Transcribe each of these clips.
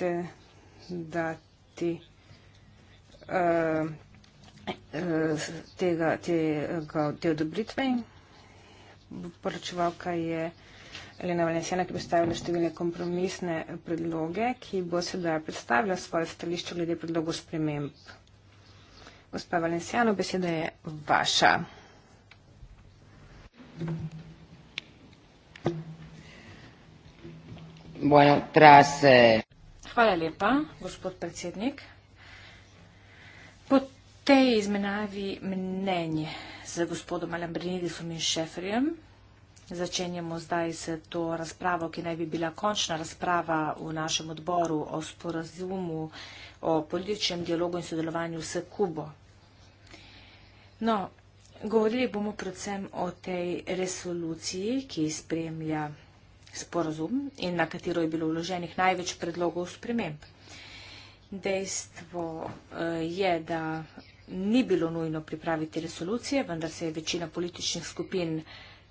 morate dati uh, eh, eh, tega, tega, te odobritve. Poročevalka je Elena Valencijana, ki bo stavila številne kompromisne predloge, ki bo sedaj predstavila svoje stališče glede predlogov sprememb. Gospa Valencijano, beseda je vaša. Bueno, tras... Eh... Hvala lepa, gospod predsednik. Po tej izmenavi mnenje z gospodom Alambrinidisom in Šeferjem začenjamo zdaj s to razpravo, ki naj bi bila končna razprava v našem odboru o sporazumu o političnem dialogu in sodelovanju s Kubo. No, govorili bomo predvsem o tej resoluciji, ki spremlja sporozum in na katero je bilo vloženih največ predlogov sprememb. Dejstvo eh, je, da ni bilo nujno pripraviti resolucije, vendar se je večina političnih skupin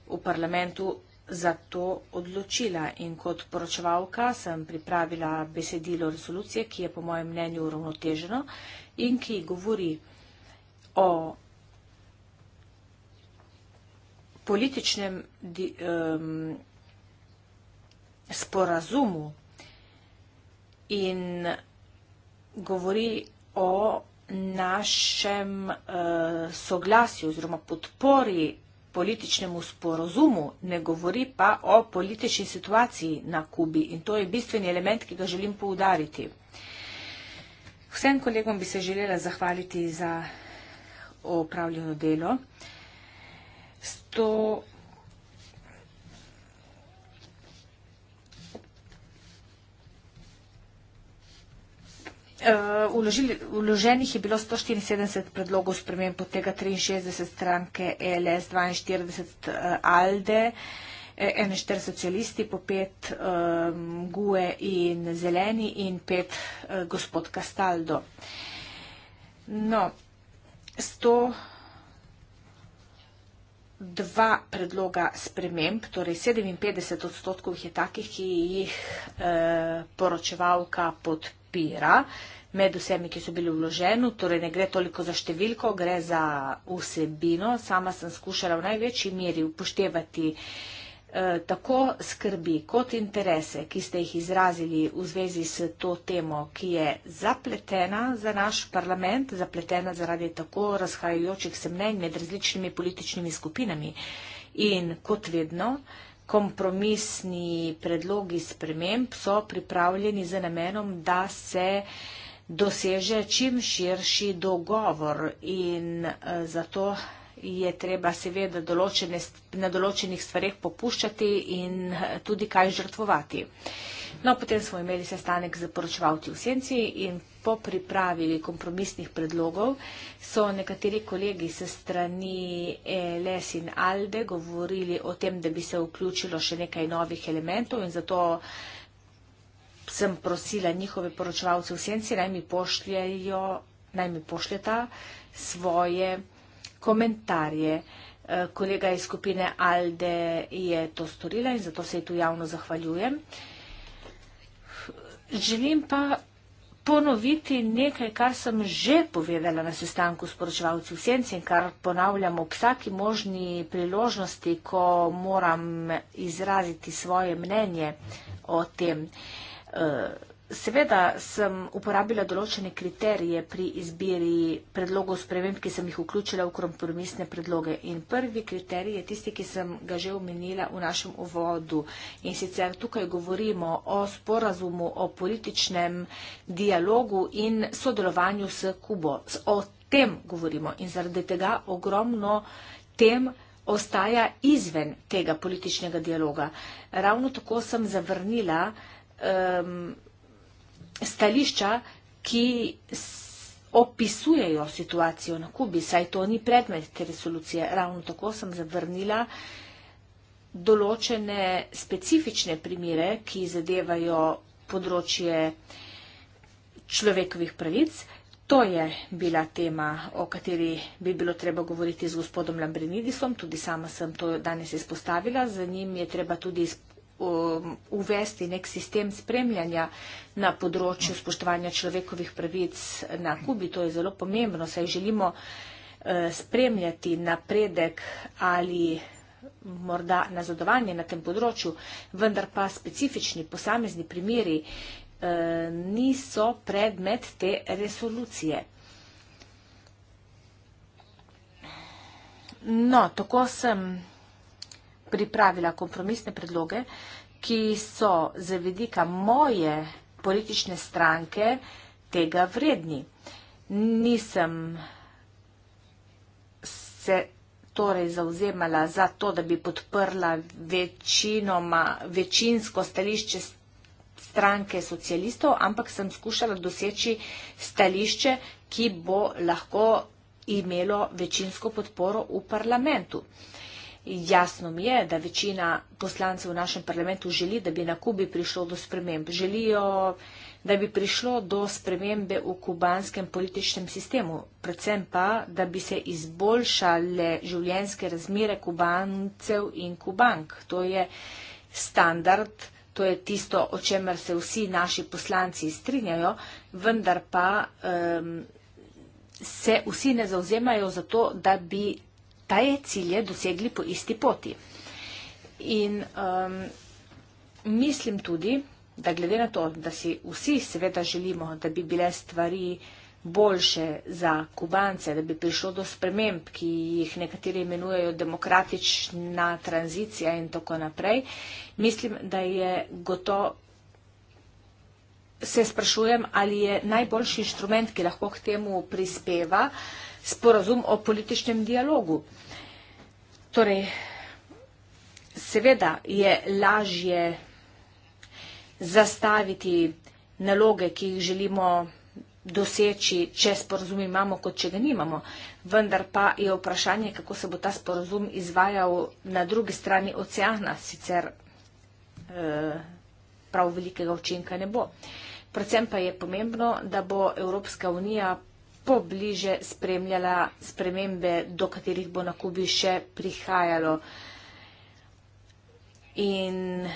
v parlamentu za to odločila in kot poročevalka sem pripravila besedilo resolucije, ki je po mojem mnenju uravnoteženo in ki govori o političnem di, um, sporazumu in govori o našem uh, soglasju oziroma podpori političnemu sporozumu, ne govori pa o politični situaciji na Kubi in to je bistveni element, ki ga želim poudariti. Vsem kolegom bi se želela zahvaliti za opravljeno delo. 100 Uloženih eh, je bilo 174 predlogov spremem, po tega 63 stranke e LS, 42 eh, ALDE, 41 eh, socialisti, po pet GUE in Zeleni in pet gospod Kastaldo. No, 102 predloga sprememb, torej 57 odstotkov jih je takih, ki jih eh, poročevalka podpira, med vsemi, ki so bili vloženi, torej ne gre toliko za številko, gre za vsebino. Sama sem skušala v največji meri upoštevati eh, tako skrbi kot interese, ki ste jih izrazili v zvezi s to temo, ki je zapletena za naš parlament, zapletena zaradi tako razhajajočih se mnenj med različnimi političnimi skupinami. In kot vedno, kompromisni predlogi sprememb so pripravljeni z namenom, da se doseže čim širši dogovor in eh, zato je treba seveda na določenih stvarih popuščati in eh, tudi kaj žrtvovati. No, potem smo imeli sestanek z poročevalci v Senci in po pripravi kompromisnih predlogov so nekateri kolegi se strani eh, Les in Albe govorili o tem, da bi se vključilo še nekaj novih elementov in zato sem prosila njihove poročevalce v senci, naj mi pošljajo, naj mi pošljata svoje komentarje. Eh, kolega iz skupine Alde je to storila in zato se ji tu javno zahvaljujem. Želim pa ponoviti nekaj, kar sem že povedala na sestanku s poročevalci v senci in kar ponavljam ob vsaki možni priložnosti, ko moram izraziti svoje mnenje o tem. Uh, Eh, seveda sem uporabila določene kriterije pri izbiri predlogov sprememb, ki sem jih vključila v kompromisne predloge. In prvi kriterij je tisti, ki sem ga že omenila v našem uvodu. In sicer tukaj govorimo o sporazumu, o političnem dialogu in sodelovanju s Kubo. O tem govorimo in zaradi tega ogromno tem ostaja izven tega političnega dialoga. Ravno tako sem zavrnila um, stališča, ki opisujejo situacijo na Kubi, saj to ni predmet te resolucije. Ravno tako sem zavrnila določene specifične primire, ki zadevajo področje človekovih pravic. To je bila tema, o kateri bi bilo treba govoriti z gospodom Lambrinidisom. Tudi sama sem to danes izpostavila. Za njim je treba tudi izpostaviti Um, uvesti nek sistem spremljanja na področju spoštovanja človekovih pravic na Kubi. To je zelo pomembno, saj želimo eh, spremljati napredek ali morda nazadovanje na tem področju, vendar pa specifični posamezni primeri eh, niso predmet te resolucije. No, tako sem pripravila kompromisne predloge, ki so za vidika moje politične stranke tega vredni. Nisem se torej zauzemala za to, da bi podprla večinoma, večinsko stališče stranke socialistov, ampak sem skušala doseči stališče, ki bo lahko imelo večinsko podporo v parlamentu. Uh, Jasno mi je, da večina poslancev v našem parlamentu želi, da bi na Kubi prišlo do sprememb. Želijo, da bi prišlo do spremembe v kubanskem političnem sistemu, predvsem pa, da bi se izboljšale življenjske razmere kubancev in kubank. To je standard, to je tisto, o čemer se vsi naši poslanci strinjajo, vendar pa. Um, se vsi ne zauzemajo za to, da bi te cilje dosegli po isti poti. In um, mislim tudi, da glede na to, da si vsi seveda želimo, da bi bile stvari boljše za Kubance, da bi prišlo do sprememb, ki jih nekateri imenujejo demokratična tranzicija in tako naprej, mislim, da je gotovo. Se sprašujem, ali je najboljši inštrument, ki lahko k temu prispeva, uh, sporazum o političnem dialogu. Torej, seveda je lažje zastaviti naloge, ki jih želimo doseči, če sporozum imamo, kot če ga nimamo. Vendar pa je vprašanje, kako se bo ta sporozum izvajal na drugi strani oceana, sicer eh, prav velikega učinka ne bo. Predvsem pa je pomembno, da bo Evropska unija pobliže spremljala spremembe, do katerih bo na Kubi še prihajalo. In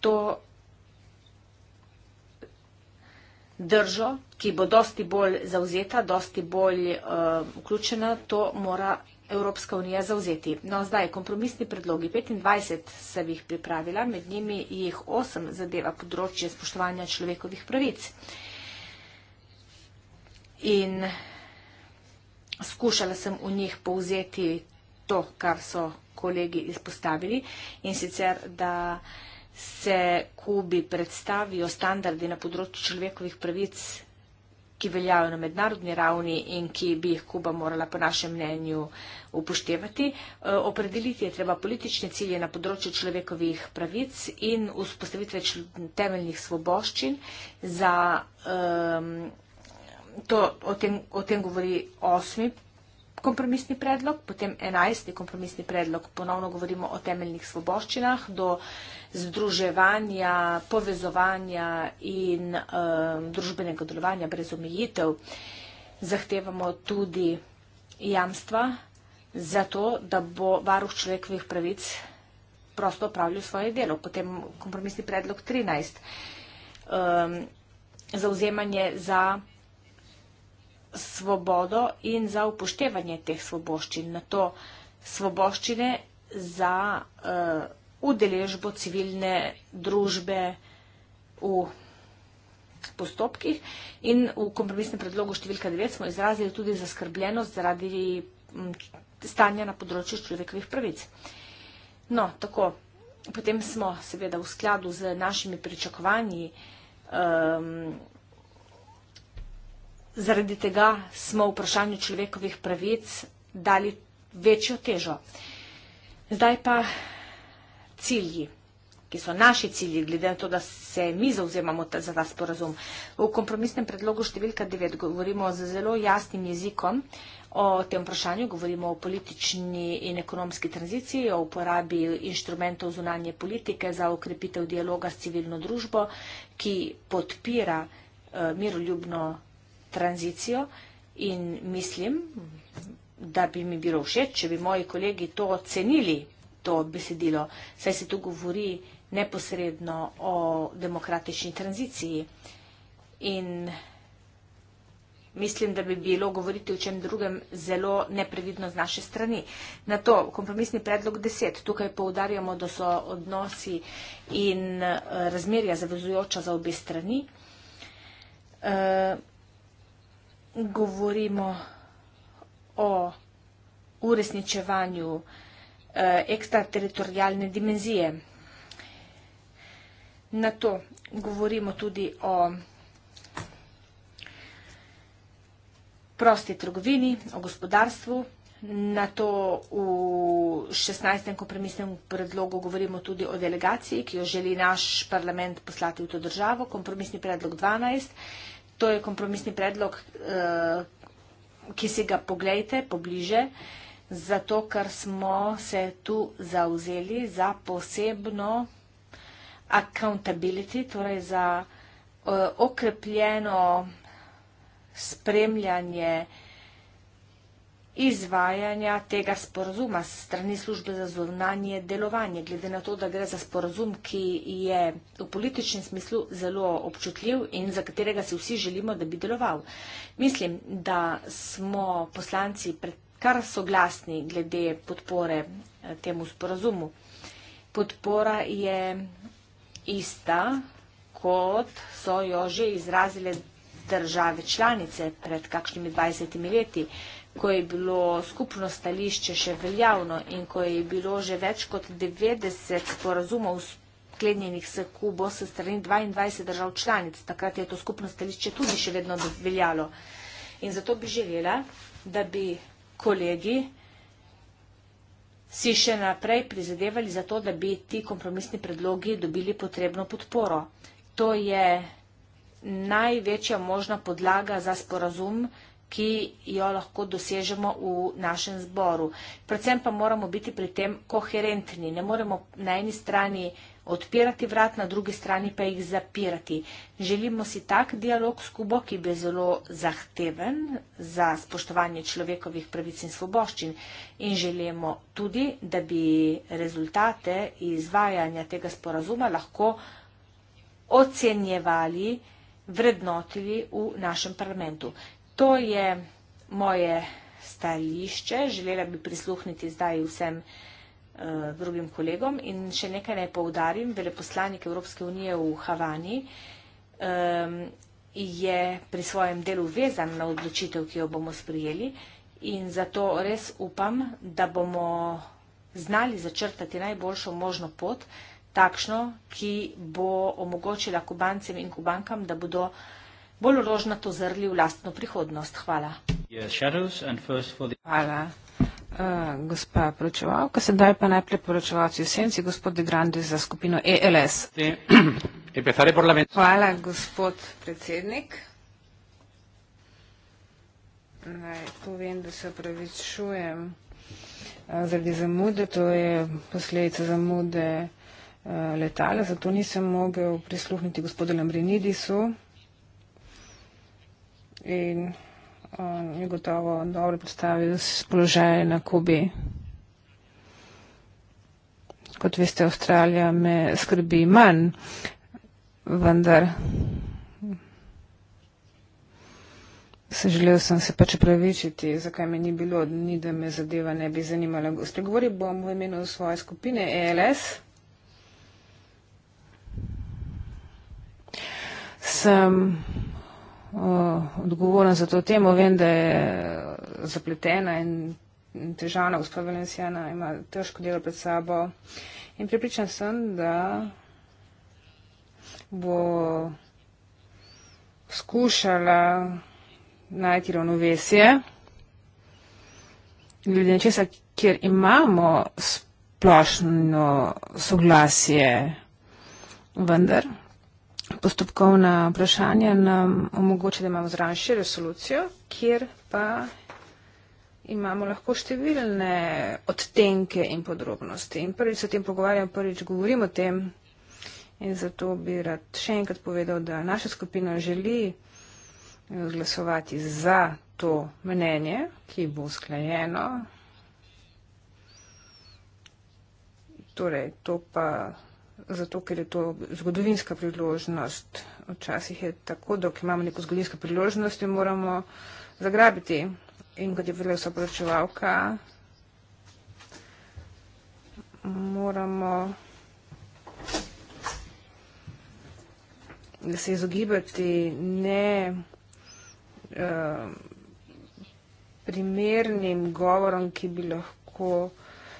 to držo, ki bo dosti bolj zauzeta, dosti bolj uh, vključena, to mora Evropska unija zauzeti. No, zdaj kompromisni predlogi. 25 se jih pripravila, med njimi jih 8 zadeva področje spoštovanja človekovih pravic. Uh, in skušala sem v njih povzeti to, kar so kolegi izpostavili in sicer, da se Kubi predstavijo standardi na področju človekovih pravic, ki veljajo na mednarodni ravni in ki bi jih Kuba morala po našem mnenju upoštevati. E, opredeliti je treba politične cilje na področju človekovih pravic in vzpostavitve temeljnih svoboščin za um, to, o, tem, o tem govori osmi kompromisni predlog, potem enajsti kompromisni predlog, ponovno govorimo o temeljnih svoboščinah, do združevanja, povezovanja in um, družbenega delovanja brez omejitev. Zahtevamo tudi jamstva za to, da bo varuh človekovih pravic prosto opravljal svoje delo. Potem kompromisni predlog 13. Um, ehm, zauzemanje za svobodo in za upoštevanje teh svoboščin, na to svoboščine za uh, udeležbo civilne družbe v postopkih. In v kompromisnem predlogu številka 9 smo izrazili tudi zaskrbljenost zaradi m, stanja na področju človekovih pravic. No, tako, potem smo seveda v skladu z našimi pričakovanji um, zaradi tega smo v vprašanju človekovih pravic dali večjo težo. Zdaj pa cilji, ki so naši cilji, glede na to, da se mi zauzemamo ta, za ta sporazum. V kompromisnem predlogu številka 9 govorimo z zelo jasnim jezikom o tem vprašanju, govorimo o politični in ekonomski tranziciji, o uporabi inštrumentov zunanje politike za ukrepitev dialoga s civilno družbo, ki podpira eh, miroljubno tranzicijo in mislim, da bi mi bilo všeč, če bi moji kolegi to ocenili, to besedilo, saj se tu govori neposredno o demokratični tranziciji. In mislim, da bi bilo govoriti o čem drugem zelo neprevidno z naše strani. Na to kompromisni predlog 10. Tukaj poudarjamo, da so odnosi in eh, razmerja zavezujoča za obe strani. Uh, govorimo o uresničevanju eh, ekstrateritorijalne dimenzije. Na to govorimo tudi o prosti trgovini, o gospodarstvu. Na to v 16. kompromisnem predlogu govorimo tudi o delegaciji, ki jo želi naš parlament poslati v to državo. Kompromisni predlog 12 To je kompromisni predlog, eh, ki si ga pogledajte pobliže, zato ker smo se tu zauzeli za posebno accountability, torej za eh, okrepljeno spremljanje izvajanja tega sporazuma strani službe za zornanje delovanje, glede na to, da gre za sporazum, ki je v političnem smislu zelo občutljiv in za katerega se vsi želimo, da bi deloval. Mislim, da smo poslanci kar soglasni glede podpore eh, temu sporazumu. Podpora je ista, kot so jo že izrazile države članice pred kakšnimi 20 leti ko je bilo skupno stališče še veljavno in ko je bilo že več kot 90 sporazumov sklenjenih s Kubo s strani 22 držav članic, takrat je to skupno stališče tudi še vedno veljalo. In zato bi želela, da bi kolegi si še naprej prizadevali za to, da bi ti kompromisni predlogi dobili potrebno podporo. To je največja možna podlaga za sporazum, ki je ki jo lahko dosežemo v našem zboru. Predvsem pa moramo biti pri tem koherentni. Ne moremo na eni strani odpirati vrat, na drugi strani pa jih zapirati. Želimo si tak dialog s Kubo, ki bi zelo zahteven za spoštovanje človekovih pravic in sloboščin in želimo tudi, da bi rezultate izvajanja tega sporazuma lahko ocenjevali, vrednotili v našem parlamentu. To je moje stališče. Želela bi prisluhniti zdaj vsem uh, drugim kolegom in še nekaj ne poudarim. Veleposlanik Evropske unije v Havani um, je pri svojem delu vezan na odločitev, ki jo bomo sprijeli in zato res upam, da bomo znali začrtati najboljšo možno pot, takšno, ki bo omogočila kubancem in kubankam, da bodo uh, bolj rožna to zrli v lastno prihodnost. Hvala. Hvala. Uh, gospa poročevalka, sedaj pa najprej poročevalci v senci, gospod De Grande za skupino ELS. Hvala, gospod predsednik. Naj povem, da se opravičujem eh, zaradi zamude, to je posledica zamude eh, letala, zato nisem mogel prisluhniti gospodu Lambrinidisu in on um, je gotovo dobro predstavil položaj na Kubi. Kot veste, Avstralija me skrbi manj, vendar se želel sem se pač pravičiti, zakaj me ni bilo, ni da me zadeva ne bi zanimala. Spregovoril bom v imenu svoje skupine ELS. Sem um, Eh, odgovoren za to temo, vem, da je zapletena in težana gospod Valencijana, ima težko delo pred sabo in pripričan sem, da bo skušala najti ravnovesje glede nečesa, kjer imamo splošno soglasje, vendar postopkovna vprašanja nam omogoča, da imamo zraven še resolucijo, kjer pa imamo lahko številne odtenke in podrobnosti. In prvič se o tem pogovarjam, prvič govorim o tem in zato bi rad še enkrat povedal, da naša skupina želi glasovati za to mnenje, ki bo usklajeno. Torej, to pa zato ker je to zgodovinska priložnost. Včasih je tako, da ko imamo neko zgodovinsko priložnost, jo moramo zagrabiti. In kot je bila soporočevalka, moramo se izogibati ne uh, primernim govorom, ki bi lahko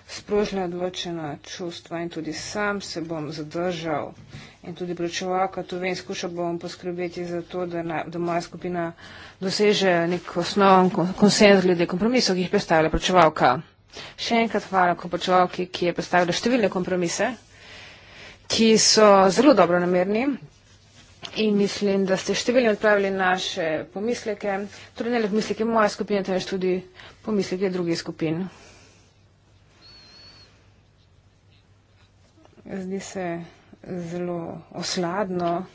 sprožila odločena čustva in tudi sam se bom zadržal in tudi pričeval, kot vem, skušal bom poskrbeti za to, da, na, da moja skupina doseže nek osnoven konsens glede kompromisov, ki jih predstavlja pričevalka. Še enkrat hvala kompromisovki, ki je predstavila številne kompromise, ki so zelo dobro namerni. In mislim, da ste številni odpravili naše pomisleke, torej ne le pomisleke moje skupine, temveč tudi pomisleke drugih skupin. zdi se zelo osladno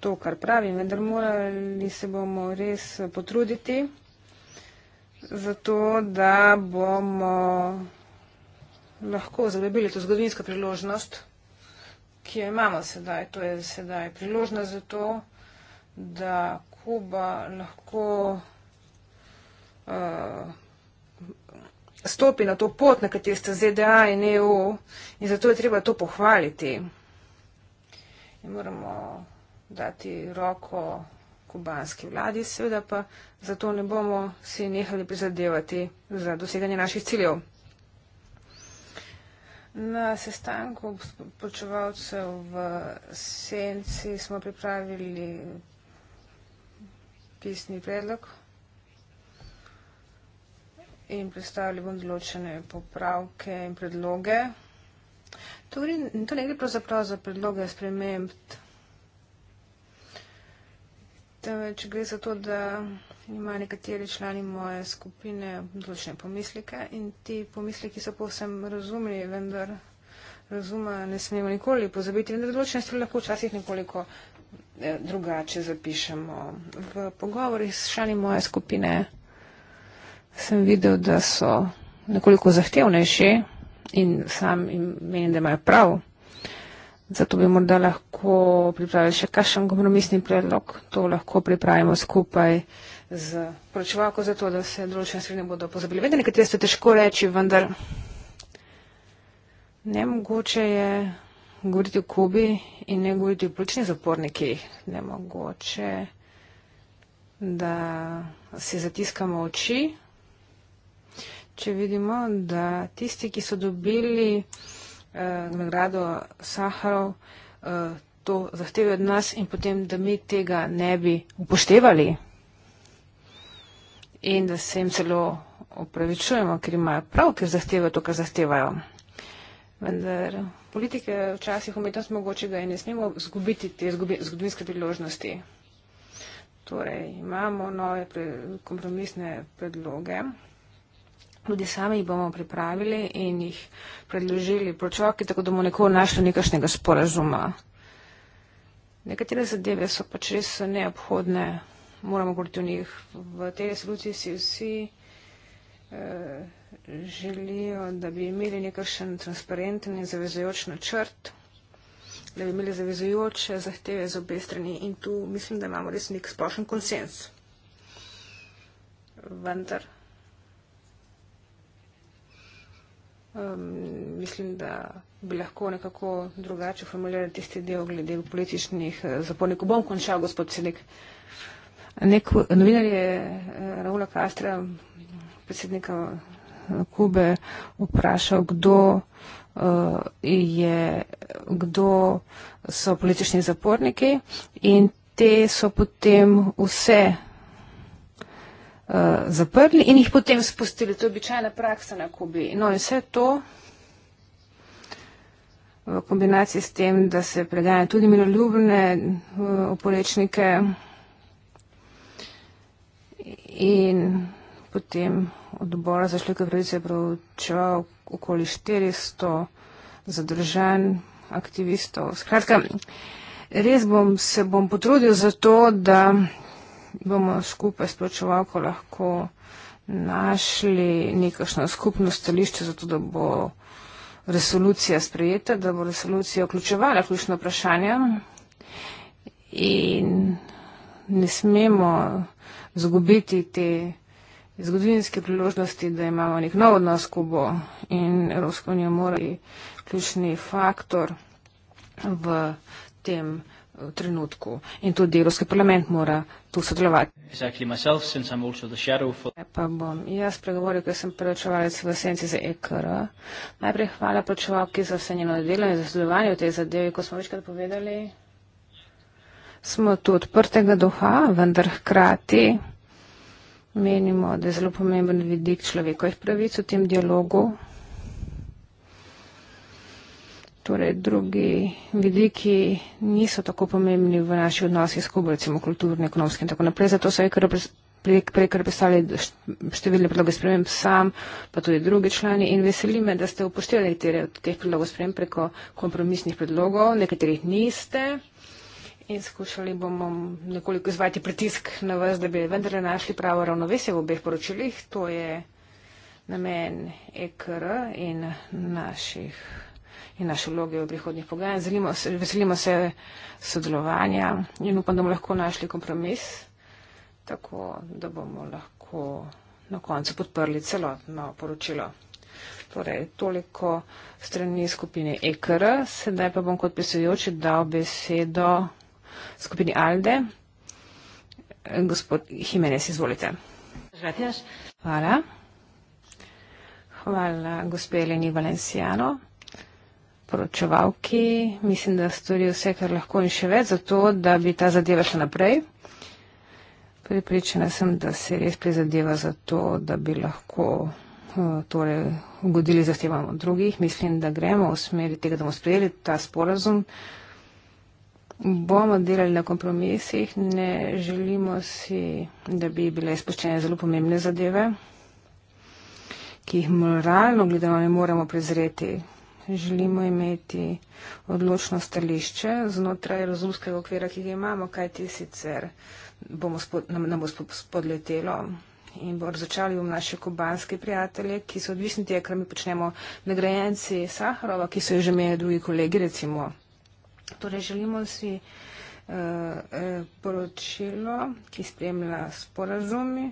to, kar pravim, vendar morali se bomo res potruditi, zato da bomo lahko zagrebili to zgodovinsko priložnost, ki jo imamo sedaj. To je sedaj priložnost za to, da Kuba lahko uh, stopi na to pot, na kateri ste ZDA in EU in zato je treba to pohvaliti. In moramo dati roko kubanski vladi, seveda pa zato ne bomo si nehali prizadevati za doseganje naših ciljev. Na sestanku počevalcev v Senci smo pripravili pisni predlog in predstavili bom določene popravke in predloge. Torej, to ne gre pravzaprav za predloge sprememb, temveč gre za to, da ima nekateri člani moje skupine določene pomislike in ti pomisliki so povsem razumni, vendar razuma ne smemo nikoli pozabiti, vendar določene stvari lahko včasih nekoliko eh, drugače zapišemo. V pogovorih s člani moje skupine sem videl, da so nekoliko zahtevnejši in sam menim, da imajo prav. Zato bi morda lahko pripravili še kakšen kompromisni predlog. To lahko pripravimo skupaj z poročevalko za to, da se določene stvari ne bodo pozabili. Vedno nekatere stvari težko reči, vendar nemogoče je govoriti o Kubi in ne govoriti o političnih zapornikih. Nemogoče, da si zatiskamo oči če vidimo, da tisti, ki so dobili eh, nagrado Saharov, eh, to zahtevajo od nas in potem, da mi tega ne bi upoštevali in da se jim celo opravičujemo, ker imajo prav, ker zahtevajo to, kar zahtevajo. Vendar politike včasih umetnost mogočega in ne smemo zgubiti te zgodovinske priložnosti. Torej, imamo nove pre, kompromisne predloge. Tudi sami jih bomo pripravili in jih predložili pročoki, tako da bomo nekoho našli nekašnega sporazuma. Nekatere zadeve so pač res neobhodne, moramo govoriti o njih. V tej resoluciji si vsi eh, želijo, da bi imeli nekakšen transparenten in zavezujoč načrt, da bi imeli zavezujoče zahteve za obe strani in tu mislim, da imamo res nek splošen konsens. Vendar. mislim, da bi lahko nekako drugače formulirali tisti del glede političnih eh, zapornikov. Bom končal, gospod Sedek. Nek novinar je eh, Raula Kastra, predsednika eh, Kube, vprašal, kdo je, kdo so politični zaporniki in te so potem vse Eh, zaprli in jih potem spustili. To je običajna praksa na Kubi. No in vse to v kombinaciji s tem, da se preganja tudi miroljubne eh, oporečnike in potem odbor za človekove pravice je pravčeval okoli 400 zadržan aktivistov. Skratka, res bom, se bom potrudil za to, da bomo skupaj s pločevalko lahko našli nekakšno skupno stališče, zato da bo resolucija sprejeta, da bo resolucija vključevala ključno vprašanje in ne smemo zgubiti te zgodovinske priložnosti, da imamo nek nov odnos Kubo in Evropsko unijo mora biti ključni faktor v tem Eh, trenutku in tudi Evropski parlament mora tu sodelovati. Exactly myself, for... E, pa bom jaz pregovoril, ker sem preučevalec v senci za EKR. Najprej hvala preučevalki za vse njeno delo in za sodelovanje v tej zadevi, ko smo večkrat povedali, smo tu odprtega duha, vendar hkrati menimo, da je zelo pomemben vidik človekovih pravic v tem dialogu torej drugi vidiki niso tako pomembni v naši odnosi s Kubo, recimo kulturni, ekonomski in tako naprej. Zato so prej, kar predstavljali številne predloge sprememb sam, pa tudi drugi člani in veseli me, da ste upoštevali te, teh predlogov sprememb preko kompromisnih predlogov, nekaterih niste. In skušali bomo nekoliko izvajati pritisk na vas, da bi vendarle našli pravo ravnovesje v obeh poročilih. To je namen EKR in naših in naše vloge v prihodnih pogajanj. Veselimo se sodelovanja in upam, da bomo lahko našli kompromis, tako da bomo lahko na koncu podprli celotno poročilo. Torej, toliko strani skupine EKR, sedaj pa bom kot predsedujoči dal besedo skupini ALDE. Gospod Jimenez, izvolite. Hvala. Hvala gospe Eleni Valenciano poročevalki, mislim, da storijo vse, kar lahko in še več, zato da bi ta zadeva šla naprej. Pripričana sem, da se res prizadeva za to, da bi lahko eh, torej, ugodili zahtevam od drugih. Mislim, da gremo v smeri tega, da bomo sprejeli ta sporazum. Bomo delali na kompromisih, ne želimo si, da bi bile izpuščene zelo pomembne zadeve, ki jih moralno gledano ne moremo prezreti želimo imeti odločno stališče znotraj razumskega okvira, ki ga imamo, kaj ti sicer bomo spod, nam bo spodletelo in bo razočali v naše kubanske prijatelje, ki so odvisni tega, kar mi počnemo nagrajenci Saharova, ki so jo že imeli drugi kolegi, recimo. Torej želimo si uh, poročilo, ki spremlja sporazumi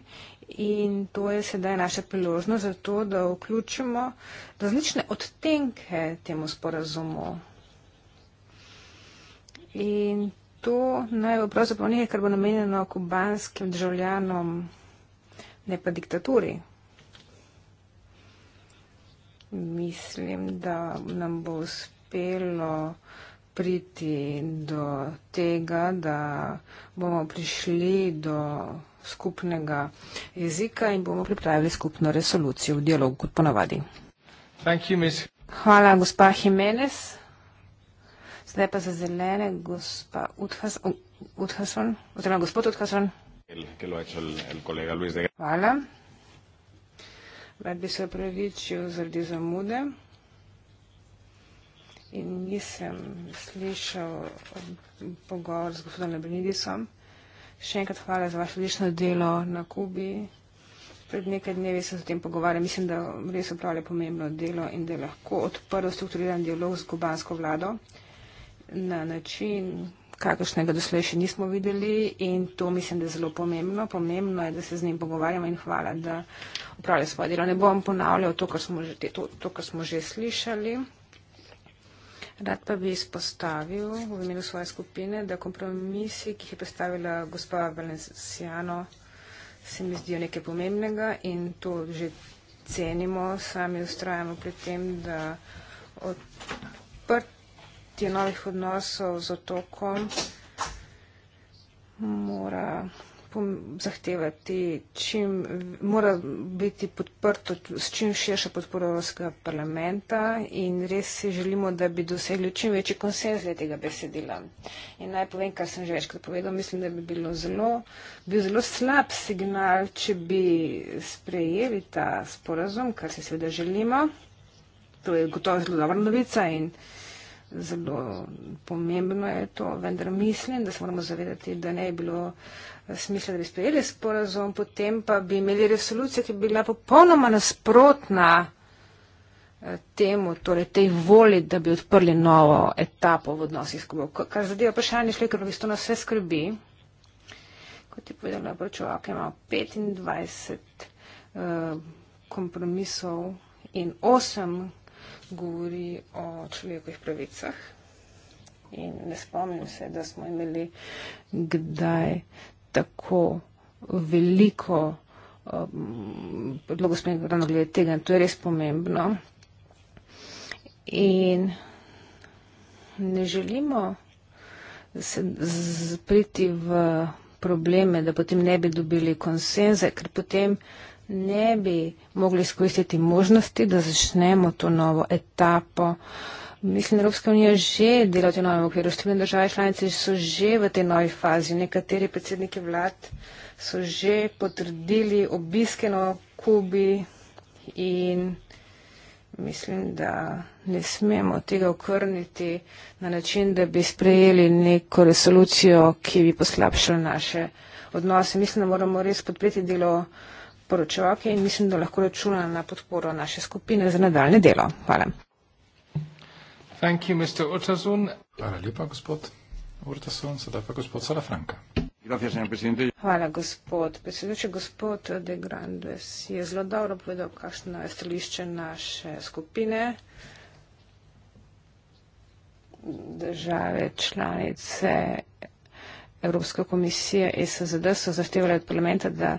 In to je sedaj naša priložnost za to, da vključimo različne odtenke temu sporazumu. In to naj bo pravzaprav nekaj, kar bo namenjeno kubanskim državljanom, ne pa diktaturi. Mislim, da nam bo uspelo priti do tega, da bomo prišli do skupnega jezika in bomo pripravili skupno resolucijo v dialogu, kot ponavadi. Hvala, gospa Jimenez. Zdaj pa za zelene, gospa Uthason, oziroma gospod Uthason. Hvala. Rad bi se opravičil zaradi zamude in nisem slišal eh, pogovor z gospodom Lebrinidisom. Še enkrat hvala za vaše odlično delo na Kubi. Pred nekaj dnevi sem se o tem pogovarjal. Mislim, da res upravlja pomembno delo in da je lahko odprl strukturiran dialog z kubansko vlado na način, kakršnega doslej še nismo videli in to mislim, da je zelo pomembno. Pomembno je, da se z njim pogovarjamo in hvala, da upravlja svoje delo. Ne bom ponavljal to, kar smo že, to, to, kar smo že slišali. Rad pa bi izpostavil v imenu svoje skupine, da kompromisi, ki jih je predstavila gospa Valenciano, se mi zdijo nekaj pomembnega in to že cenimo. Sami ustrajamo pri tem, da odprtje novih odnosov z otokom mora zahtevati, čim, mora biti podprto s čim širšo podporo Evropskega parlamenta in res si želimo, da bi dosegli čim večji konsens glede tega besedila. In naj povem, kar sem že večkrat povedal, mislim, da bi bilo zelo, bil zelo slab signal, če bi sprejeli ta sporazum, kar si seveda želimo. To je gotovo zelo dobra novica in zelo pomembno je to, vendar mislim, da se moramo zavedati, da ne je bilo eh, smisla, da bi sprejeli sporazum, potem pa bi imeli resolucijo, ki bi bila popolnoma nasprotna eh, temu, torej tej voli, da bi odprli novo etapo v odnosih s Kubo. Kar zadeva vprašanje šle, ker v bistvu nas vse skrbi, kot je povedala Bročovak, imamo 25 uh, eh, kompromisov in 8 kompromisov govori o človekovih pravicah. In ne spomnim se, da smo imeli kdaj tako veliko um, predlogov um, spremljeno glede tega in to je res pomembno. In ne želimo se zapriti v probleme, da potem ne bi dobili konsenze, ker potem ne bi mogli skoristiti možnosti, da začnemo to novo etapo. Mislim, Evropska unija že dela v tem novem okviru, številne države članice so že v tej novi fazi. Nekateri predsedniki vlad so že potrdili obiske na Kubi in mislim, da ne smemo tega okrniti na način, da bi sprejeli neko resolucijo, ki bi poslabšala naše odnose. Mislim, da moramo res podpreti delo poročevalke in mislim, da lahko računam na podporo naše skupine za nadaljne delo. Hvala. You, Hvala lepa, gospod Urtasun. Sedaj pa gospod Salafranka. Hvala, gospod predsedujoči. Gospod De Grandes je zelo dobro povedal, kakšno je stališče naše skupine države članice Evropska komisija in SZD so zahtevali od parlamenta, da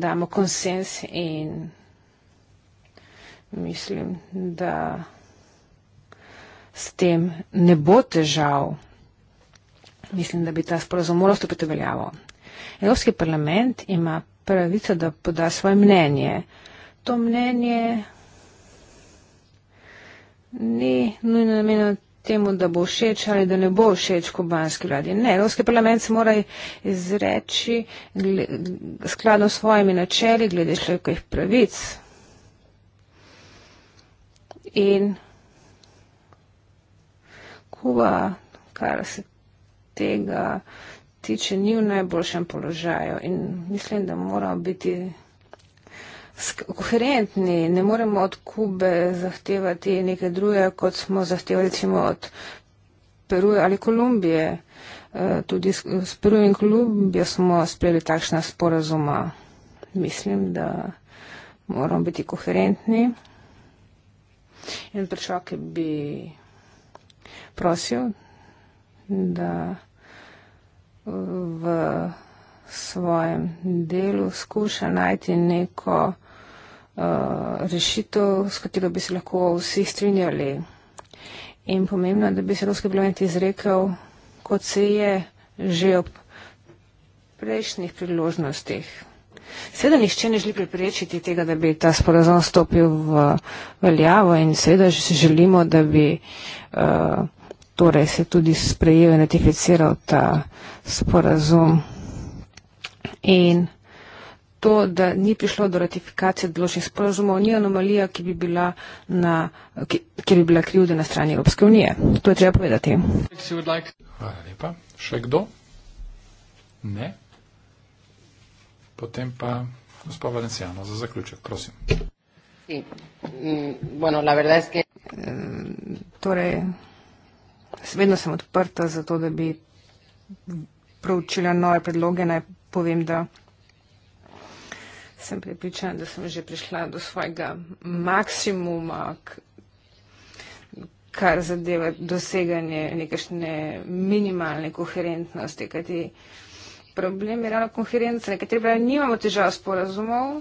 damo konsens in mislim, da s tem ne bo težav. Mislim, da bi ta sporozum moral stopiti veljavo. Evropski parlament ima pravico, da poda svoje mnenje. To mnenje ni nujno namenjeno temu, da bo všeč ali da ne bo všeč kubanski vladi. Ne, Evropski parlament se mora izreči skladno s svojimi načeli glede človekovih pravic. In Kuba, kar se tega tiče, ni v najboljšem položaju in mislim, da mora biti koherentni, ne moremo od Kube zahtevati nekaj druge, kot smo zahtevali recimo od Peruja ali Kolumbije. Eh, tudi s Peruja in Kolumbijo smo sprejeli takšna sporazuma. Mislim, da moramo biti koherentni. In prišel, ki bi prosil, da eh, v svojem delu skuša najti neko Eh, rešitev, s katero bi se lahko vsi strinjali. In pomembno je, da bi se ruski parlament izrekel, kot se je že ob prejšnjih priložnostih. Seveda nišče ne želi preprečiti tega, da bi ta sporazum stopil v veljavo in seveda že želimo, da bi uh, torej se tudi sprejel in ratificiral ta sporazum. In to, da ni prišlo do ratifikacije določenih sporožumov, ni anomalija, ki bi bila, na, ki, kjer bi bila krivda na strani Evropske unije. To je treba povedati. Hvala lepa. Še kdo? Ne. Potem pa gospod Valencijano za zaključek, prosim. Mm, eh, torej, vedno sem odprta za to, da bi proučila nove predloge. Naj povem, da sem pripričana, da sem že prišla do svojega maksimuma, kar zadeva doseganje nekašne minimalne koherentnosti, kajti problem je ravno koherenca, nekateri pravijo, nimamo težav sporazumov,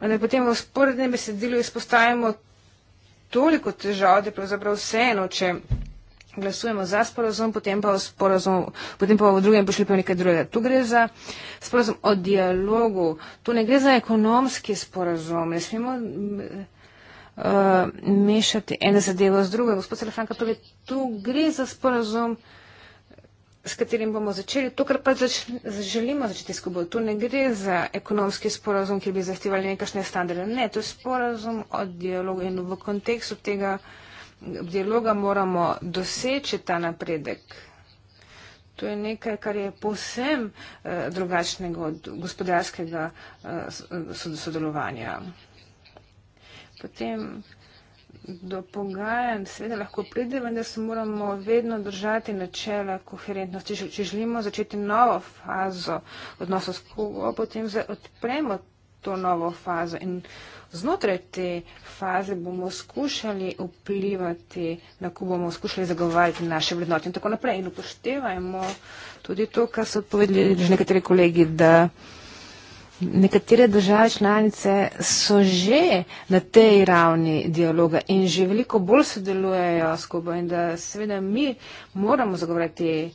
vendar potem v sporednem besedilu izpostavimo toliko težav, da je pravzaprav vseeno, če glasujemo za sporozum, potem pa v, sporozum, potem pa v drugem pošli pa nekaj drugega. Tu gre za sporozum o dialogu, tu ne gre za ekonomski sporozum. Ne smemo uh, mešati ene zadevo z drugo. Gospod Salafanka, torej tu gre za sporozum s katerim bomo začeli to, kar pa zač želimo začeti skupaj. Tu ne gre za ekonomski sporazum, ki bi zahtevali nekašne standarde. Ne, to je sporazum o dialogu in v kontekstu tega uh, dialoga moramo doseči ta napredek. To je nekaj, kar je povsem eh, drugačnega od gospodarskega eh, sodelovanja. Potem do pogajanj seveda lahko pride, vendar se moramo vedno držati načela koherentnosti. Če, če želimo začeti novo fazo odnosov s kogo, potem odpremo to novo fazo in znotraj te faze bomo skušali vplivati, na ko bomo skušali zagovarjati naše vrednote in tako naprej. In upoštevajmo tudi to, kar so povedali že nekateri kolegi, da nekatere države članice so že na tej ravni dialoga in že veliko bolj sodelujejo skupaj in da seveda mi moramo zagovarjati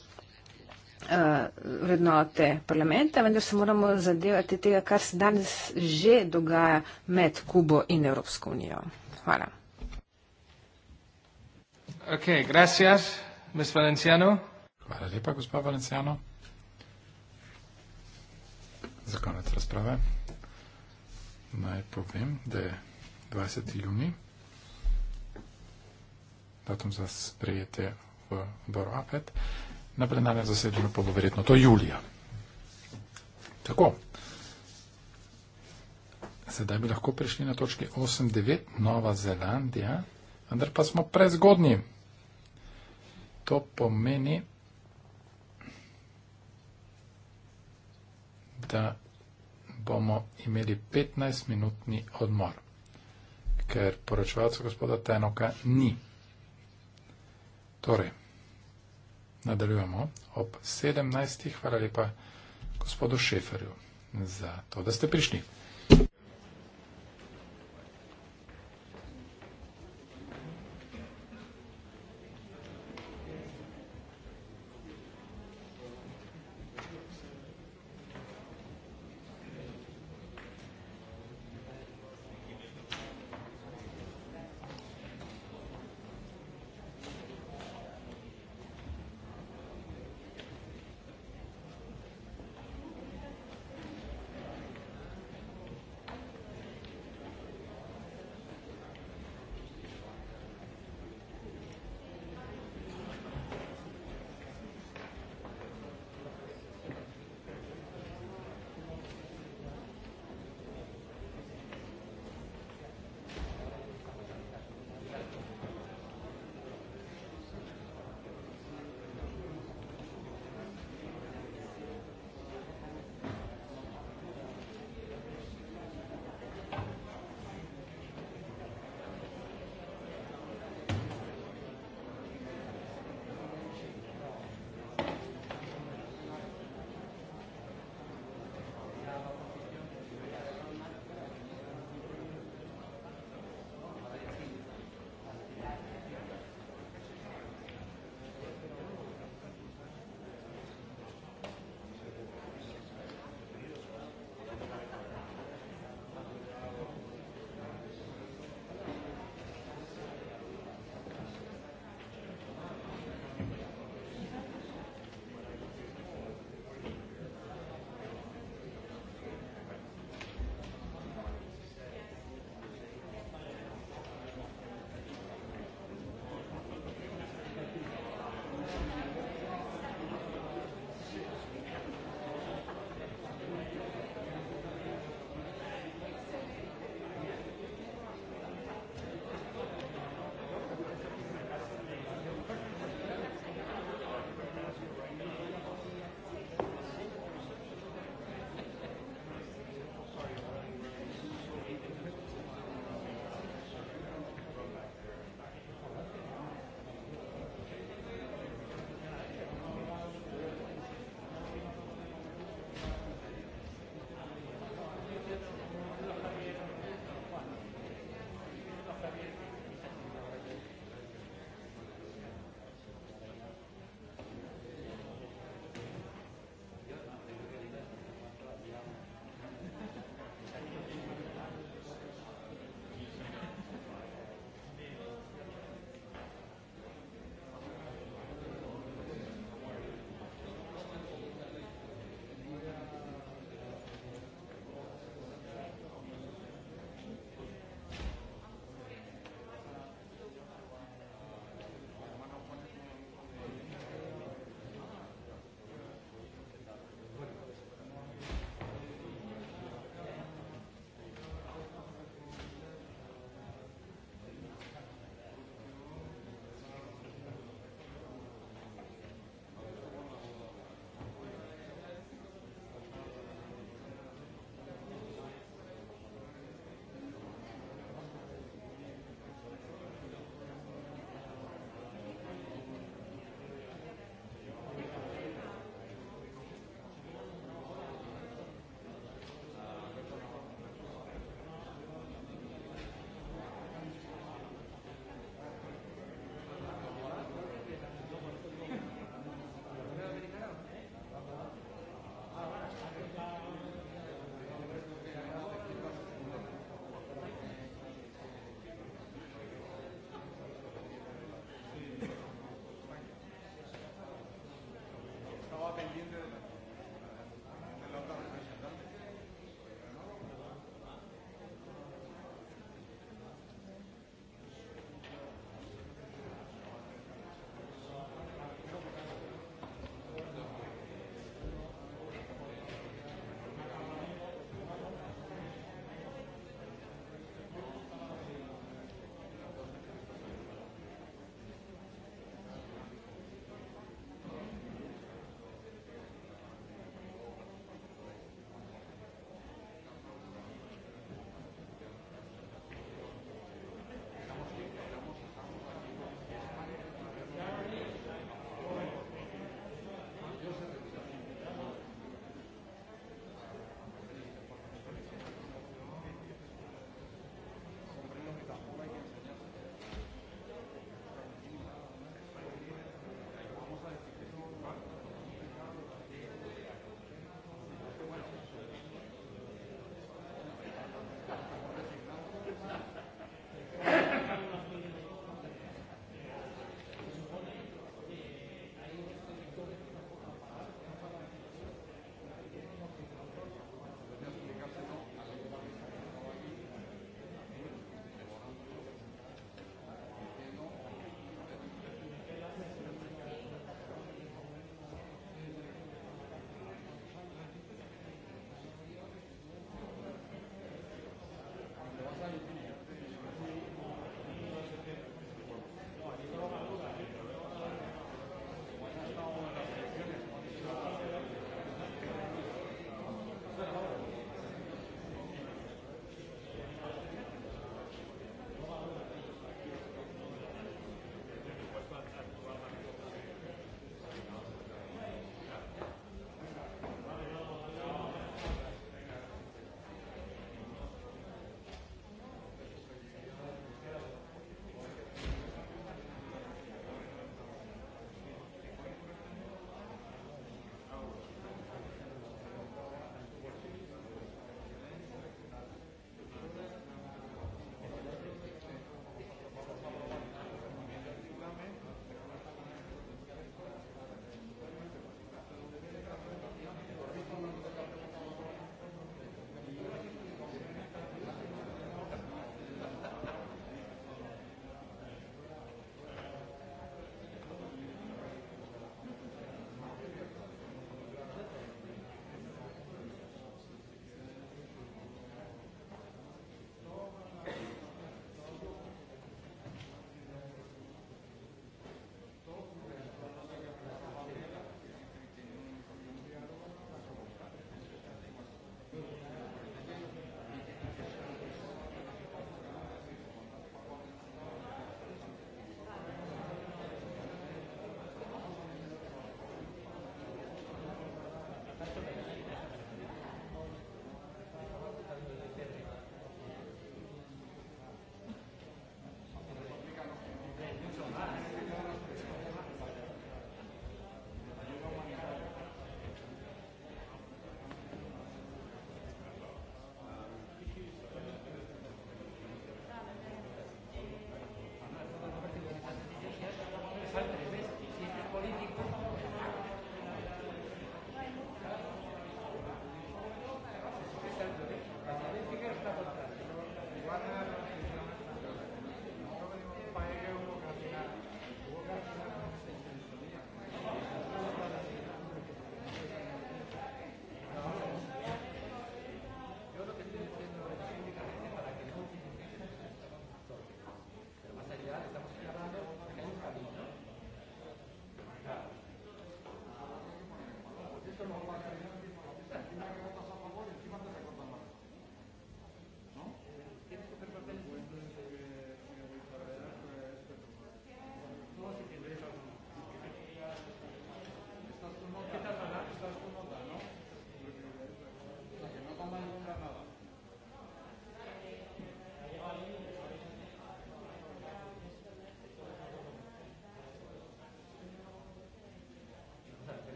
Eh, vrednote parlamenta, vendar se moramo zadevati tega, kar se danes že dogaja med Kubo in Evropsko unijo. Hvala. Ok, gracias, mes Valenciano. Hvala lepa, gospod Valenciano. Za konec razprave naj povem, da je 20. juni datum za sprejete v Boru APET na plenarnem zasedanju pa bo verjetno to julija. Tako. Sedaj bi lahko prišli na točki 8.9. Nova Zelandija, vendar pa smo prezgodni. To pomeni, da bomo imeli 15-minutni odmor, ker poročevalca gospoda Tenoka ni. Torej, nadaljujemo ob 17. Hvala lepa gospodu Šeferju za to, da ste prišli.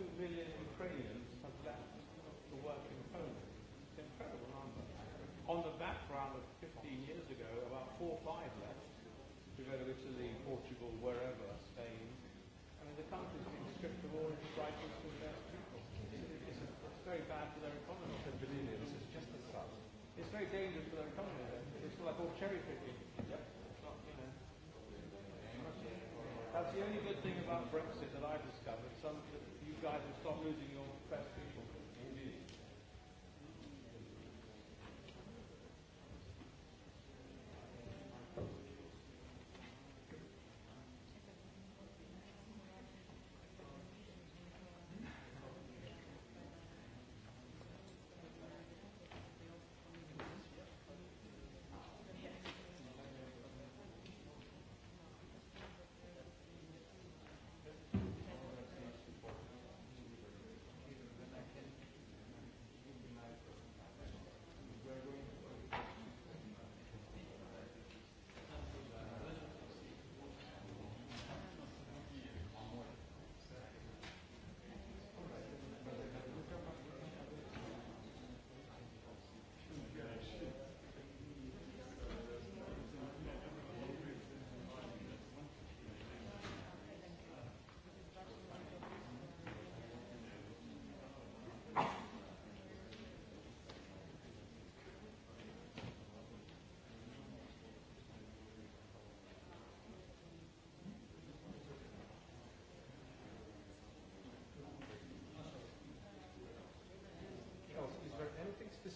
two million Ukrainians have left to work in Poland. It's incredible, aren't they? On the background of 15 years ago, about four or five left to go to Italy, Portugal, wherever, Spain. I mean, the country's been stripped of all its rights and people. It's, it's, it's very bad for their economy. It's, it's just as such. It's very dangerous for their economy. Though. It's like all cherry picking. Yep. Not, you know. That's the only good thing about Brexit that I've discovered. Some guys will stop losing.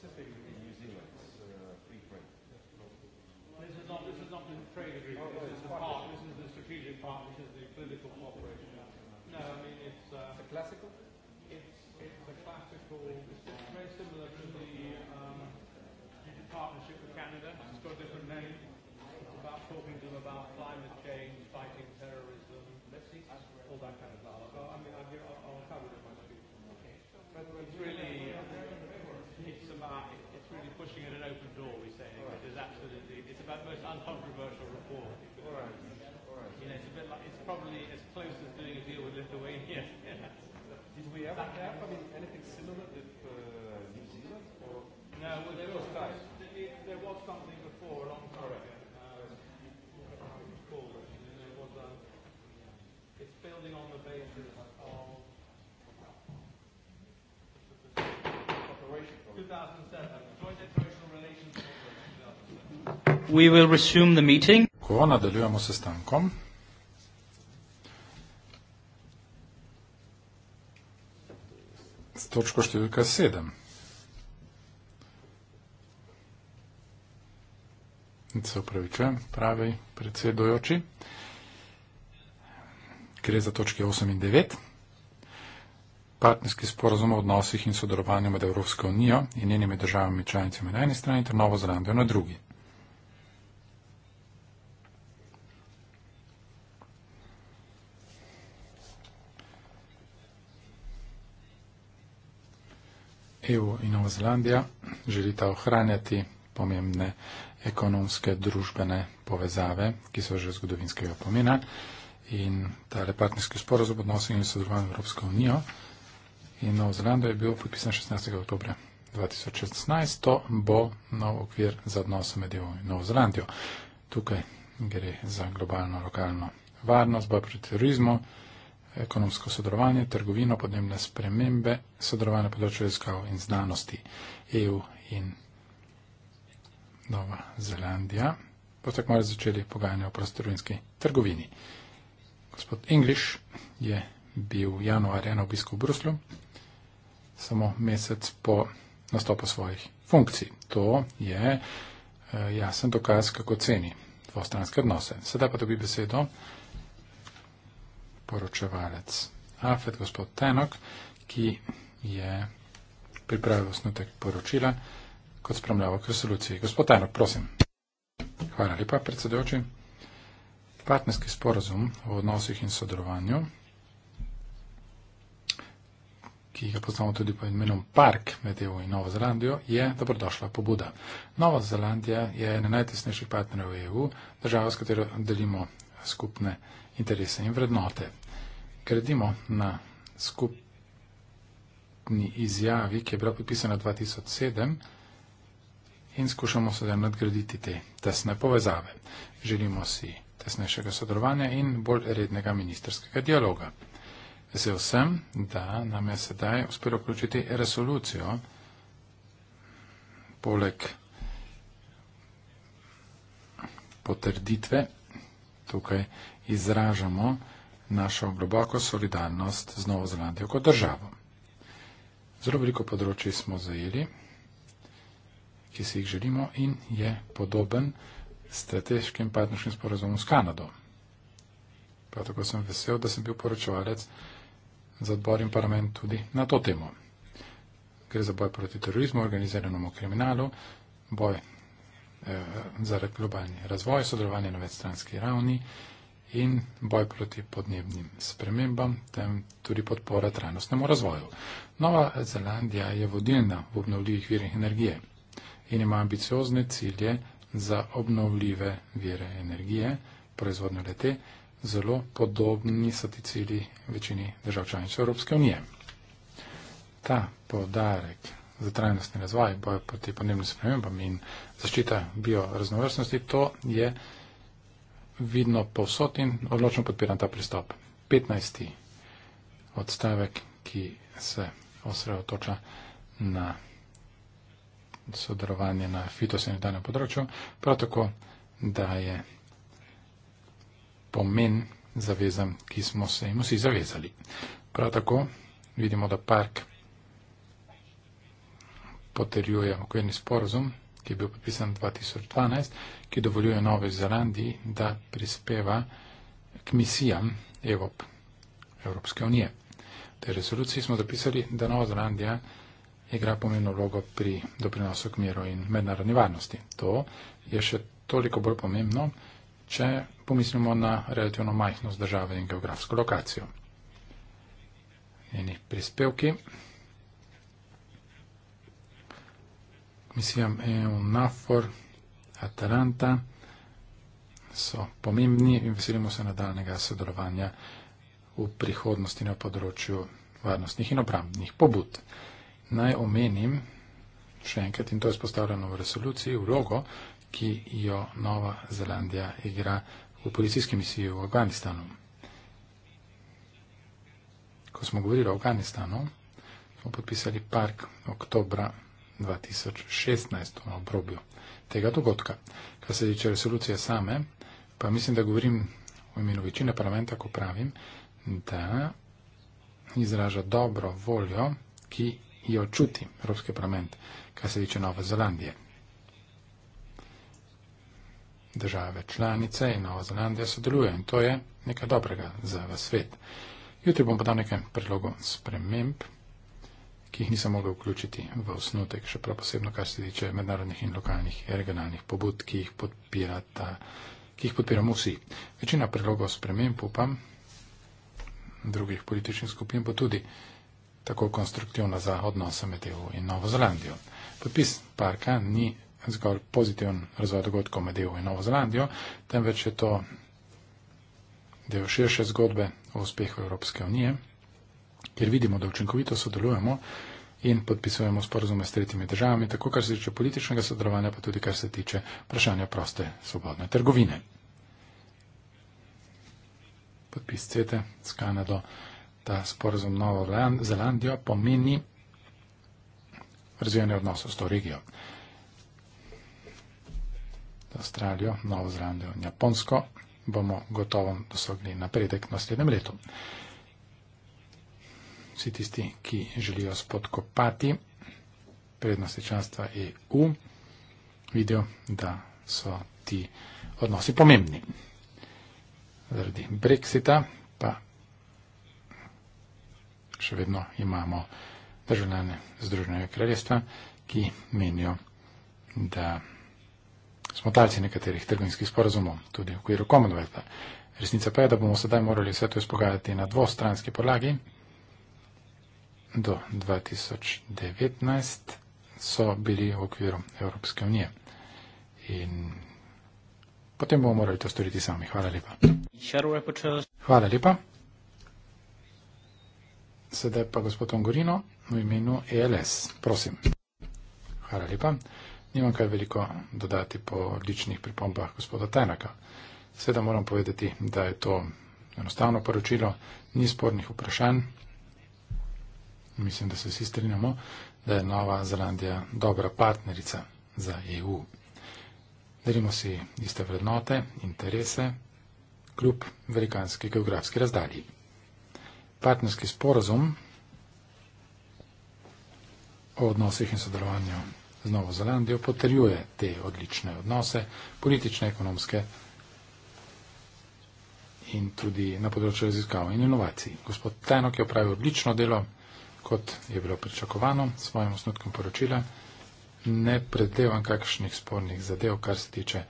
Pacific in New Zealand. It's a free trade. This is not this is not a trade agreement. Oh, oh this is a part. This is the strategic part. This is the political cooperation. No, I mean it's. Uh, it's a classical. It's it's a classical. It's very similar to the um, partnership with Canada. It's got a different name. It's about talking to them about climate change, fighting terrorism, all that kind of stuff. I mean, I'll, I'll cover it in my speech. Okay. But it's really absolutely pushing at an open door, we say. Right. It is absolutely, it's about the most uncontroversial report. All right. All right. You know, it's a bit like, it's probably as close as doing a deal with Lithuania. Did we ever have, I mean, anything similar with uh, New Zealand? Or no, well, there was... Time. We will resume the meeting. Ko nadaljujemo s sestankom. S točko številka sedem. Se upravičujem, pravi predsedujoči. Gre za točke osem in devet. Partnerski sporazum o odnosih in sodelovanju med Evropsko unijo in njenimi državami članicami na eni strani ter Novo Zelandijo na drugi. EU in Nova Zelandija želita ohranjati pomembne ekonomske družbene povezave, ki so že zgodovinskega pomena in ta partnerski sporozum odnosi in sodelovanje Evropsko unijo in Nova Zelandija je bil podpisan 16. oktobra 2016, to bo nov okvir za odnose med EU in Novo Zelandijo. Tukaj gre za globalno, lokalno varnost, boj proti terorizmu ekonomsko sodelovanje, trgovino, podnebne spremembe, sodelovanje na področju raziskav in znanosti EU in Nova Zelandija. Boste tako malo začeli pogajanje o prostorovinski trgovini. Gospod Engliš je bil januarja na obisku v Bruslu, samo mesec po nastopu svojih funkcij. To je eh, jasen dokaz, kako ceni dvostranske odnose. Sedaj pa dobi besedo poročevalec. Afet gospod Tenok, ki je pripravil osnutek poročila kot spremljavok resoluciji. Gospod Tenok, prosim. Hvala lepa, predsedujoči. Partnerski sporazum o odnosih in sodelovanju, ki ga poznamo tudi po imenu Park med EU in Novo Zelandijo, je dobrodošla pobuda. Nova Zelandija je ena najtesnejših partnerjev EU, država, s katero delimo skupne interese in vrednote. Gradimo na skupni izjavi, ki je bila podpisana 2007 in skušamo sedaj nadgraditi te tesne povezave. Želimo si tesnejšega sodelovanja in bolj rednega ministerskega dialoga. Vesel sem, da nam je sedaj uspelo vključiti resolucijo poleg potrditve tukaj izražamo našo globoko solidarnost z Novo Zelandijo kot državo. Zelo veliko področji smo zajeli, ki si jih želimo in je podoben strateškim partnerskim sporazumom s Kanado. Prav tako sem vesel, da sem bil poročevalec za odbor in parlament tudi na to temo. Gre za boj proti terorizmu, organiziranemu kriminalu, boj Eh, za globalni razvoj, sodelovanje na večstranski ravni in boj proti podnebnim spremembam, tem tudi podpora trajnostnemu razvoju. Nova Zelandija je vodilna v obnovljivih virih energije in ima ambiciozne cilje za obnovljive vire energije, proizvodne lete, zelo podobni so ti cilji večini držav članic Evropske unije. Ta podarek za trajnostni razvoj, boj proti podnebnim spremembam in zaščita bioraznovrstnosti, to je vidno povsod in odločno podpiram ta pristop. 15. odstavek, ki se osredotoča na sodelovanje na fitosanitarnem področju, prav tako, da je pomen zavezam, ki smo se jim vsi zavezali. Prav tako vidimo, da park poterjuje okvirni sporozum, ki je bil podpisan 2012, ki dovoljuje Novi Zelandiji, da prispeva k misijam EVOP, Evropske unije. V tej resoluciji smo zapisali, da Nova Zelandija igra pomembno vlogo pri doprinosu k miru in mednarodni varnosti. To je še toliko bolj pomembno, če pomislimo na relativno majhnost države in geografsko lokacijo. Njeni prispevki mislim, EUNAFOR, Ataranta so pomembni in veselimo se nadaljnega sodelovanja v prihodnosti na področju varnostnih in obrambnih pobud. Naj omenim še enkrat, in to je spostavljeno v resoluciji, vlogo, ki jo Nova Zelandija igra v policijski misiji v Afganistanu. Ko smo govorili o Afganistanu, smo podpisali park oktobra 2016 obrobju tega dogodka. Kar se tiče resolucije same, pa mislim, da govorim v imenu večine parlamenta, ko pravim, da izraža dobro voljo, ki jo čuti Evropski parlament, kar se tiče Nove Zelandije. Države članice in Nova Zelandija sodeluje in to je nekaj dobrega za svet. Jutri bom podal nekaj predlogov spremembe ki jih nisem mogel vključiti v osnutek, še prav posebno, kar se tiče mednarodnih in lokalnih regionalnih pobud, ki jih, podpirata, ki jih podpiramo vsi. Večina predlogov sprememb upam, drugih političnih skupin pa tudi tako konstruktivna za odnose med EU in Novo Zelandijo. Podpis parka ni zgolj pozitiven razvoj dogodkov med EU in Novo Zelandijo, temveč je to del širše zgodbe o uspehu Evropske unije kjer vidimo, da učinkovito sodelujemo in podpisujemo sporozume s tretjimi državami, tako kar se tiče političnega sodelovanja, pa tudi kar se tiče vprašanja proste, svobodne trgovine. Podpis CETE s Kanado, ta sporozum Novo Zelandijo pomeni razvijanje odnosov s to regijo. Avstralijo, Novo Zelandijo in Japonsko bomo gotovo dosegli napredek v naslednjem letu vsi tisti, ki želijo spodkopati prednosti članstva EU, vidijo, da so ti odnosi pomembni. Zaradi Brexita pa še vedno imamo državljane Združenega kraljestva, ki menijo, da smo talci nekaterih trgovinskih sporazumov, tudi v okviru Commonwealtha. Resnica pa je, da bomo sedaj morali vse to izpogajati na dvostranski podlagi, do 2019 so bili v okviru Evropske unije. In potem bomo morali to storiti sami. Hvala lepa. Hvala lepa. Sedaj pa gospod Ongorino v imenu ELS. Prosim. Hvala lepa. Nimam kaj veliko dodati po odličnih pripombah gospoda Tajnaka. Sedaj moram povedati, da je to enostavno poročilo, ni spornih vprašanj, mislim, da se vsi strinjamo, da je Nova Zelandija dobra partnerica za EU. Delimo si iste vrednote, interese, kljub velikanski geografski razdalji. Partnerski sporazum o odnosih in sodelovanju z Novo Zelandijo potrjuje te odlične odnose, politične, ekonomske in tudi na področju raziskav in inovacij. Gospod Tenok je opravil odlično delo kot je bilo pričakovano, s svojim osnutkom poročila. Ne predevam kakšnih spornih zadev, kar se tiče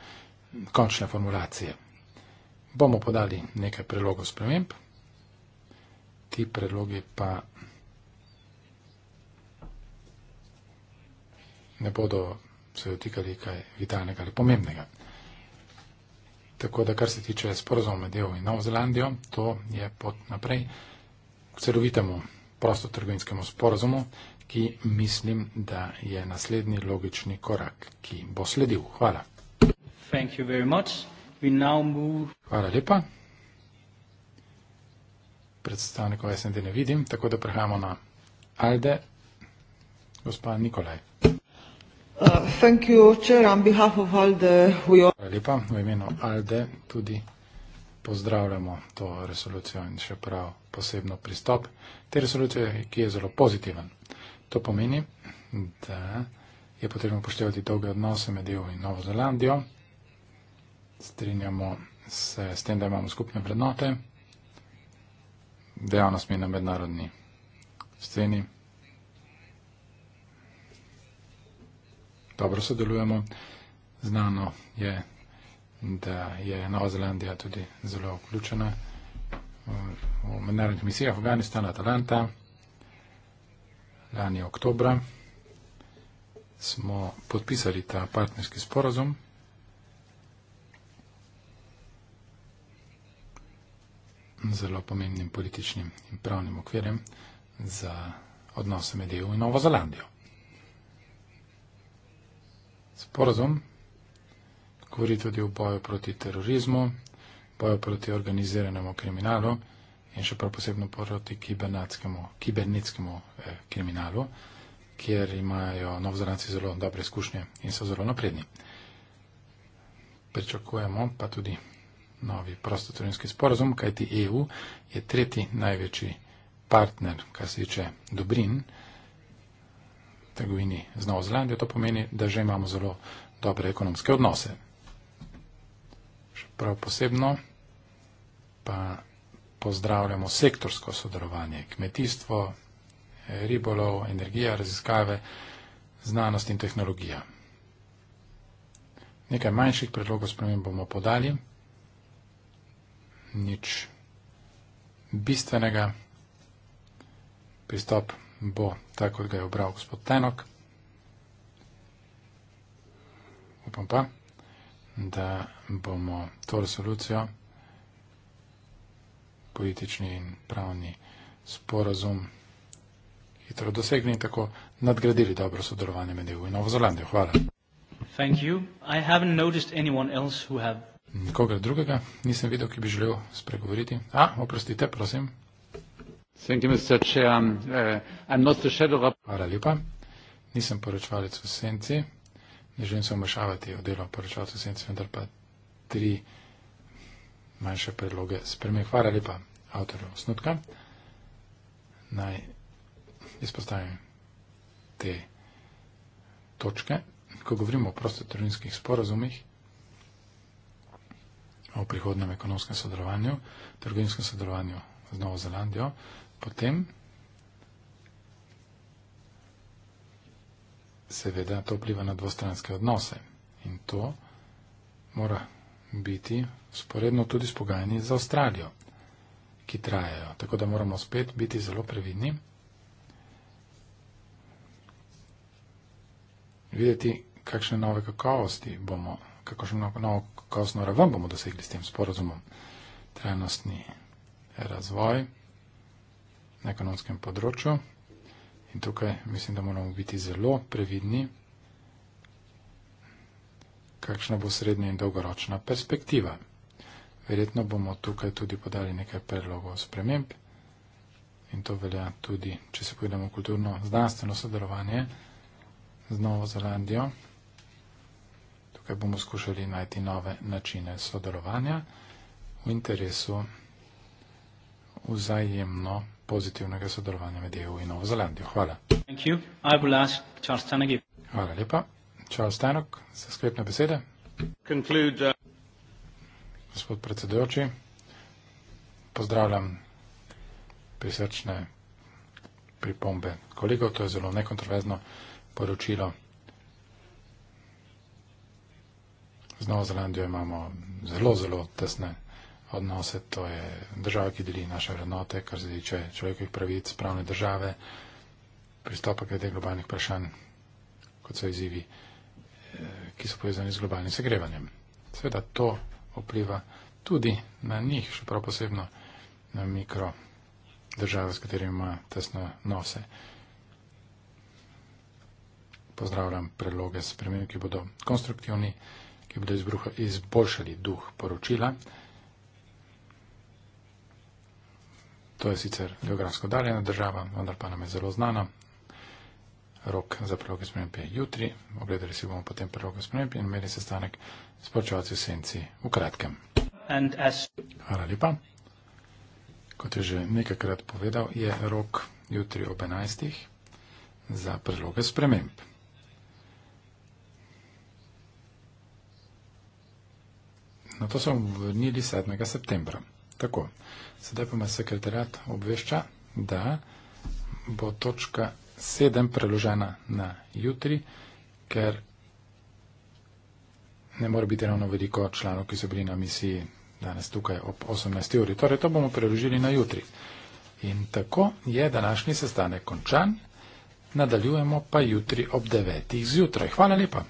končne formulacije. Bomo podali nekaj predlogov sprememb, ti predlogi pa ne bodo se dotikali kaj vitalnega ali pomembnega. Tako da, kar se tiče sporozum med EU in Novo Zelandijo, to je pot naprej k celovitemu prostotrgovinskemu sporazumu, ki mislim, da je naslednji logični korak, ki bo sledil. Hvala. Hvala lepa. Predstavnikov SND ne vidim, tako da prehajamo na Alde. Gospa Nikolaj. Uh, Hvala lepa. V imenu Alde tudi pozdravljamo to resolucijo in še prav posebno pristop te resolucije, ki je zelo pozitiven. To pomeni, da je potrebno upoštevati dolge odnose med EU in Novo Zelandijo. Strinjamo se s tem, da imamo skupne vrednote, dejavnost mi na mednarodni sceni. Dobro sodelujemo. Znano je, da je Nova Zelandija tudi zelo vključena v mednarodnih misijah Afganistana, Atalanta. Lani oktobra smo podpisali ta partnerski sporazum. zelo pomembnim političnim in pravnim okvirjem za odnose med EU in Novo Zelandijo. Sporazum govori tudi o boju proti terorizmu, boju proti organiziranemu kriminalu in še prav posebno proti kibernetskemu eh, kriminalu, kjer imajo novzelanci zelo dobre izkušnje in so zelo napredni. Pričakujemo pa tudi novi prostotorinski sporozum, kajti EU je tretji največji partner, kar se tiče dobrin, trgovini z Novo Zelandijo. To pomeni, da že imamo zelo dobre ekonomske odnose prav posebno pa pozdravljamo sektorsko sodelovanje, kmetijstvo, ribolov, energija, raziskave, znanost in tehnologija. Nekaj manjših predlogov sprememb bomo podali, nič bistvenega. Pristop bo tak, kot ga je obral gospod Tenok. Upam pa da bomo to resolucijo, politični in pravni sporazum, hitro dosegli in tako nadgradili dobro sodelovanje med EU in Novo Zelandijo. Hvala. Nikogar drugega nisem videl, ki bi želel spregovoriti. A, oprostite, prosim. Um, uh, Hvala lepa. Nisem poročvalec v senci ne želim se vmešavati v delo poročevalcev senc, vendar pa tri manjše predloge spremem. Hvala lepa avtorju osnutka. Naj izpostavim te točke. Ko govorimo o prostotrinskih sporazumih, o prihodnem ekonomskem sodelovanju, trgovinskem sodelovanju z Novo Zelandijo, potem seveda to vpliva na dvostranske odnose. In to mora biti sporedno tudi s pogajanji za Avstralijo, ki trajajo. Tako da moramo spet biti zelo previdni, videti, kakšne nove kakovosti bomo, kakšno novo kakovostno raven bomo dosegli s tem sporozumom. Trajnostni razvoj na ekonomskem področju. In tukaj mislim, da moramo biti zelo previdni, kakšna bo srednja in dolgoročna perspektiva. Verjetno bomo tukaj tudi podali nekaj predlogov sprememb in to velja tudi, če se pogledamo kulturno-znanstveno sodelovanje z Novo Zelandijo. Tukaj bomo skušali najti nove načine sodelovanja v interesu vzajemno pozitivnega sodelovanja med EU in Novo Zelandijo. Hvala. Hvala lepa. Charles Tenok, za sklepne besede. Conclude, uh... Gospod predsedujoči, pozdravljam prisrčne pripombe. Koliko to je zelo nekontroverzno poročilo. Z Novo Zelandijo imamo zelo, zelo tesne odnose, to je država, ki deli naše vrednote, kar se tiče človekovih pravic, pravne države, pristopa glede globalnih vprašanj, kot so izzivi, eh, ki so povezani z globalnim segrevanjem. Sveda to vpliva tudi na njih, še prav posebno na mikro države, s katerimi ima tesno nose. Pozdravljam predloge s premijem, ki bodo konstruktivni, ki bodo izboljšali duh poročila. To je sicer geografsko daljena država, vendar pa nam je zelo znana. Rok za preloge sprememb je jutri, ogledali si bomo potem preloge sprememb in imeli sestanek s počevalci v senci v kratkem. Hvala lepa. Kot je že nekajkrat povedal, je rok jutri ob 11. za preloge sprememb. Na to smo vrnili 7. septembra. Tako. Sedaj pa me sekretarjat obvešča, da bo točka 7 preložena na jutri, ker ne more biti ravno veliko članov, ki so bili na misiji danes tukaj ob 18. uri. Torej, to bomo preložili na jutri. In tako je današnji sestanek končan, nadaljujemo pa jutri ob 9. zjutraj. Hvala lepa.